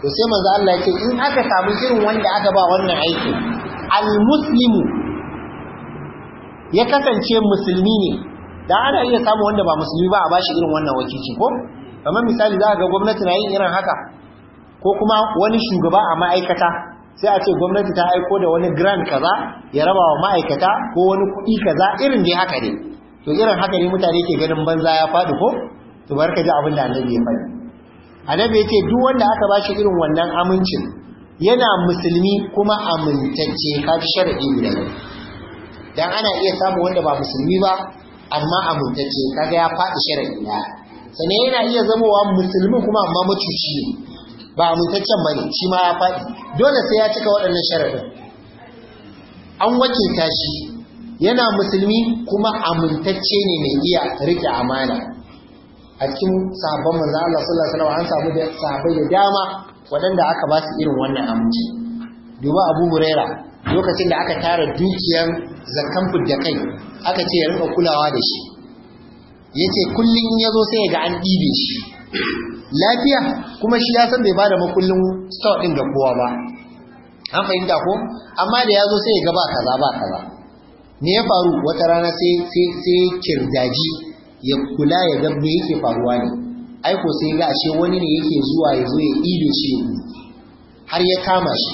to sai manzo Allah ya ce in aka samu irin wanda aka ba wannan aiki almuslimu ya kasance musulmi ne da ana iya samu wanda ba musulmi ba a bashi irin wannan wakilci ko kamar misali za ga gwamnati na yin irin haka ko kuma wani shugaba a ma'aikata sai a ce gwamnati ta aiko da wani grand kaza ya raba wa ma'aikata ko wani kuɗi kaza irin dai haka ne to irin haka ne mutane ke ganin banza ya faɗi ko to barka ji abin da annabi ya faɗi annabi yace duk wanda aka bashi irin wannan amincin yana musulmi kuma amintacce ka ji sharadi guda ne dan ana iya samu wanda ba musulmi ba amma amintacce kaga ya faɗi sharadi na sannan yana iya zamowa musulmi kuma amma macuci ne ba amintaccen bane shi ma ya faɗi dole sai ya cika waɗannan sharaɗin an wakilta tashi. yana musulmi kuma amintacce ne mai iya rike amana a cikin sabon manzo Allah sallallahu alaihi wasallam an samu da sahabbai da dama waɗanda aka ba su irin wannan aminci duba Abu Huraira lokacin da aka tara dukiyar zakan da kai aka ce ya rinka kulawa da shi yace kullun yazo sai ya ga an dibe shi lafiya kuma shi ya san bai ba da makullin stock din da kowa ba an fahimta ko amma da ya zo sai ya ga ba kaza ba kaza me ya faru wata rana sai sai sai kirdaji ya kula ya ga me yake faruwa ne ai ko sai ga ashe wani ne yake zuwa ya zo ya ido shi har ya kama shi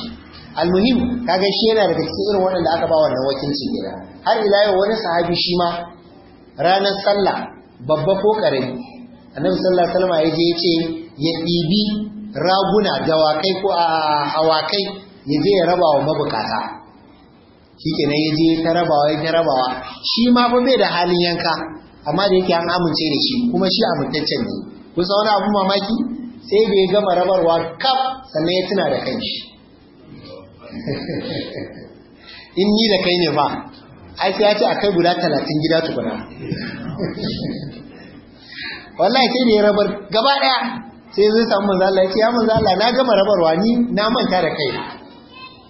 almuhim kaga shi yana daga cikin irin waɗanda aka ba wannan wakilci gida har ila yau wani sahabi shi ma ranar sallah babba ko karami annabi sallallahu alaihi wasallam yaje yace ya ɗibi raguna dawakai ko a hawakai yaje ya raba wa mabukata shikenan yaje ta rabawa ya rabawa shi ma fa bai da halin yanka amma da yake an amince da shi kuma shi amintaccen ne kusa wani abu mamaki sai da ya gama rabarwa kaf sannan ya tuna da kanshi *laughs* in ni da kai ne ba ai sai ya ce akai guda talatin gida tukuna *laughs* wallahi sai da ya rabar gaba daya sai zai samu manzo ya manzo na gama rabarwa ni na manta da kai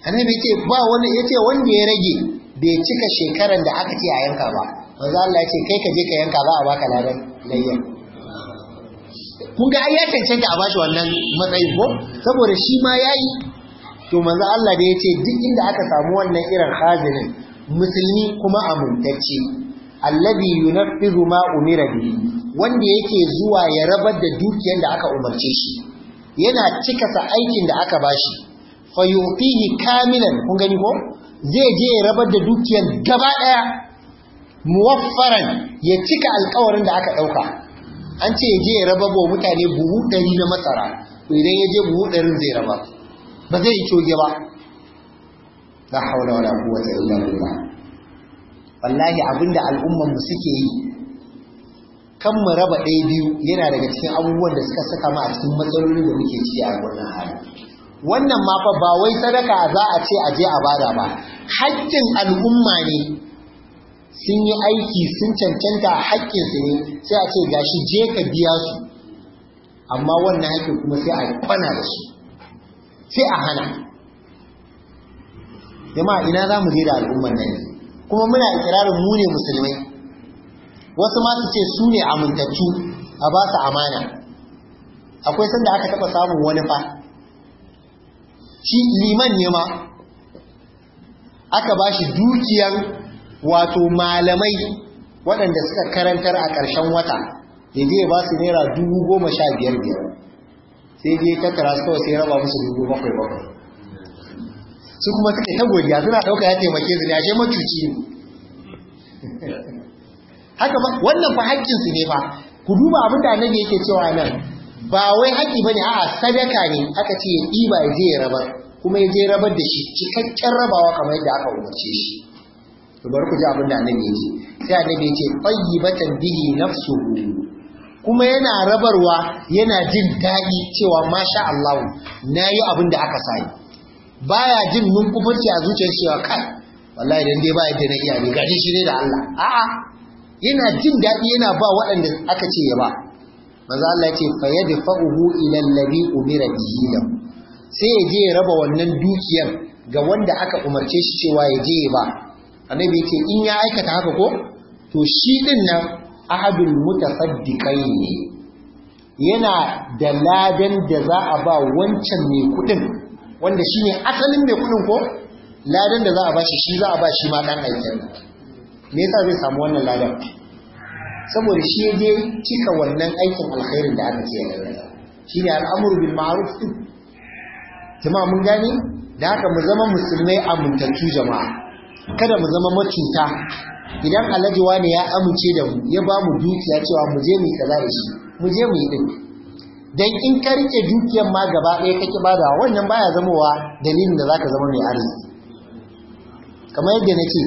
annabi ce ba wani yace wanda ya rage bai cika shekaran da aka ce a yanka ba manzo ya ce kai ka je ka yanka ba a baka ladan layyar kun ga ai ya cancanta a bashi wannan matsayin ko saboda shi ma yayi to manzo Allah da ce duk inda aka samu wannan irin hazinin musulmi kuma amintacce alladhi yunfizu ma umira bihi wanda yake zuwa ya rabar da dukiyar da aka umarce shi yana cika sa aikin da aka bashi fa yu'tihi kamilan kun gani ko zai je ya rabar da dukiyar gaba daya muwaffaran ya cika alƙawarin da aka dauka an ce ya je ya rabar wa mutane buhu 100 na masara to idan ya je buhu 100 zai raba ba zai yi coge ba la hawla wala quwwata illa billah wallahi abinda al'umman mu suke yi kan mu raba ɗaya biyu yana daga cikin abubuwan da suka saka mu a cikin matsaloli da muke ci a wannan hali wannan ma fa ba wai sadaka za a ce a je a bada ba haƙƙin al'umma ne sun yi aiki sun cancanta su ne sai a ce gashi je ka biya su amma wannan haƙƙin kuma sai a kwana da su sai a hana jama'a ina za mu je da al'ummar nan ne kuma muna ikirarin mu ne musulmai wasu ma su ce su ne amintattu a ba su amana akwai sanda aka taba samun wani fa shi liman ne ma aka ba shi dukiyar wato malamai waɗanda suka karantar a ƙarshen wata da zai ba su naira dubu goma sha biyar biyar sai dai tattara su kawai sai raba musu dubu bakwai bakwai su kuma suka ta godiya suna ɗauka ya taimake su ne macuci ne haka ba wannan fa haƙƙinsu ne fa ku duba abin da annabi yake cewa nan ba wai haƙƙi bane a'a sadaka ne aka ce ya ɗiba ya je ya rabar kuma ya je rabar da shi cikakken rabawa kamar yadda aka umarce shi to bari ku ji abin da annabi yake sai annabi yake tayyibatan bihi nafsuhu kuma yana rabarwa yana jin daɗi cewa masha Allah na yi abin da aka sani baya jin mun kufurci a zuciyar shi wa kai wallahi dan dai ba yadda na iya ne gaji shi ne da Allah a'a yana jin daɗi yana ba waɗanda aka ce ya ba maza Allah ya ce fa yadfa'uhu ila allazi umira bihi lahu sai ya je ya raba wannan dukiyar ga wanda aka umarce shi cewa ya je ba annabi ya ce in ya aikata haka ko to shi din nan ahadul mutasaddiqai ne yana da ladan da za a ba wancan mai kuɗin wanda shi ne asalin mai kudin ko ladan da za a bashi shi za a bashi ma dan aikin me yasa zai samu wannan ladan saboda shi je cika wannan aikin alkhairin da aka ce ya yi ne al'amuru bil ma'ruf din mun gane da haka mu zama musulmai amintattu jama'a kada mu zama matuta. idan alhaji wani ya amince da mu ya ba mu dukiya cewa mu je mu yi kaza da shi mu je mu yi din Don in ka rike dukiyar ma gaba ɗaya kake bada wannan baya zamowa dalilin da za ka zama mai arziki kamar yadda nake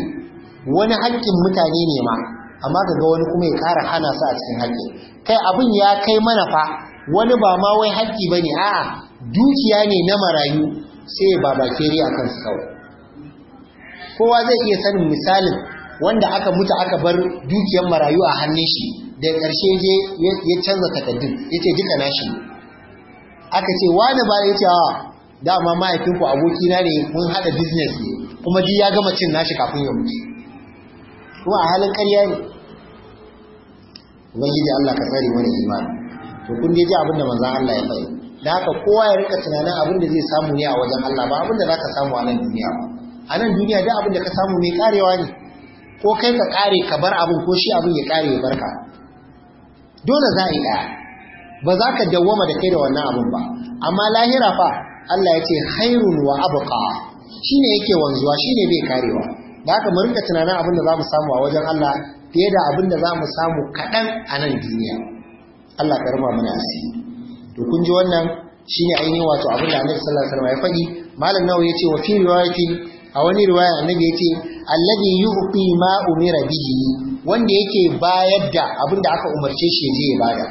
wani haƙƙin mutane ne ma amma ga wani kuma ya ƙara hana su a cikin haƙƙi kai abin ya kai mana fa wani ba ma wai haƙƙi ne? a'a dukiya ne na marayu sai ba bakeri a kansu kawai kowa zai iya sanin misalin wanda aka mutu aka bar dukiyar marayu a hannun shi da ƙarshe je ya canza takaddun ya ce jika nashi aka ce wani ba ya ce dama mahaifinku abokina ne mun haɗa business ne kuma ji ya gama cin nashi kafin ya mutu kuma a halin ƙarya ne gidi Allah ka tsari wani imani to kun je ji abinda manzan Allah ya faɗi da haka kowa ya rika tunanin abin da zai samu ne a wajen Allah ba abin da ka samu a nan duniya ba a nan duniya da abin da ka samu mai karewa ne ko kai ka kare ka bar abin ko shi abin ya kare ya barka dole za a yi ɗaya ba za ka dawwama da kai da wannan abin ba amma lahira fa Allah ya ce hairun wa shi ne yake wanzuwa shi ne bai karewa da haka mu rinka tunanin abin da za mu samu a wajen Allah fiye da abin da za mu samu kaɗan a nan duniya Allah ka rama mana asiri to kun ji wannan shi ne ainihin wato abin da Annabi sallallahu alaihi wasallam ya faɗi malam nawa ce wa fi riwayati a wani riwaya Annabi yace alladhi yu'ti ma umira bihi wanda yake bayar da abin da aka umarce shi je ya bada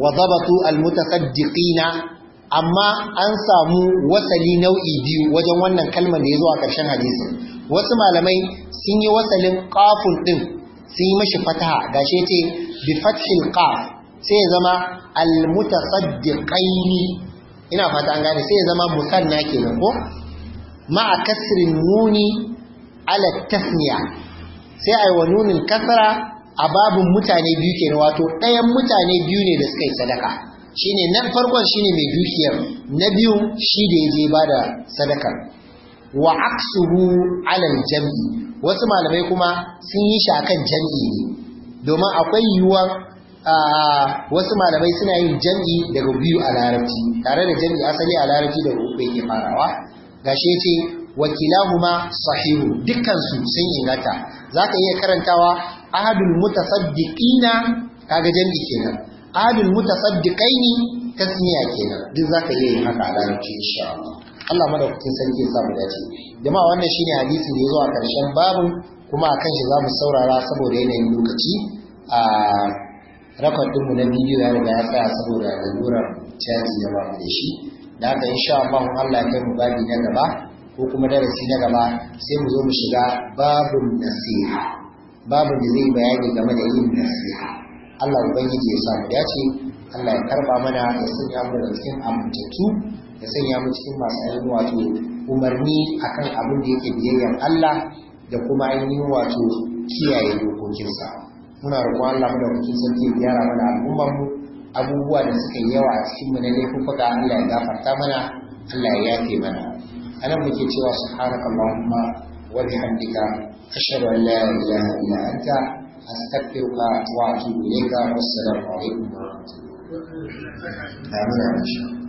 wa zabatu almutasaddiqina amma an samu wasali nau'i biyu wajen wannan kalmar da ya zo a ƙarshen hadisi wasu malamai sun yi wasalin qafun din sun yi mashi fataha gashi yace bi fathil qaf sai ya zama almutasaddiqaini ina fata an gane sai ya zama musanna kenan ko ma'a kasrin nuni ala tasniya sai a yi wa nunin kasara a babin mutane biyu ke wato ɗayan mutane biyu ne da suka yi sadaka shi ne na farkon shi ne mai dukiyar na biyu shi da ya je ba da sadakar wa aksuhu alal jam'i wasu malamai kuma sun yi shi akan jam'i ne domin akwai yiwuwar wasu malamai suna yin jam'i daga biyu a larabci tare da jam'i asali a larabci da uku yake farawa gashi ce. wakilahuma sahihu dukkansu sun ingata zaka iya karantawa ahadul mutasaddiqina kaga jami'i kenan ahadul mutasaddiqaini tasmiya kenan duk zaka iya yin haka a larabci insha Allah Allah madaukakin sarki ya mu dace jama'a wannan shine hadisin da ya zo a karshen babu. kuma a kan shi za mu saurara saboda yanayin lokaci a rakon mu na bidiyo ya riga ya tsaya saboda lalurar caji da ba da shi da haka insha Allah Allah ya kai mu babi na gaba ko kuma darasi na gaba sai mu zo mu shiga babun nasiha babu da zai bayani game da yin nasiha Allah ubangiji ya samu dace Allah ya karba mana ya sanya mu cikin amintattu ya sanya mu cikin masu ainihin wato umarni akan abin da yake biyayyan Allah da kuma ainihin wato kiyaye dokokinsa muna roƙon Allah mu da wakil sarki ya gyara mana al'ummar mu abubuwa da suka yi yawa a cikin mu na laifuka Allah ya gafarta mana Allah ya yafe mana أنا من كتير سبحانك اللهم وبحمدك أشهد أن لا إله إلا أنت أستغفرك وأتوب إليك والسلام عليكم ورحمة الله. وبركاته.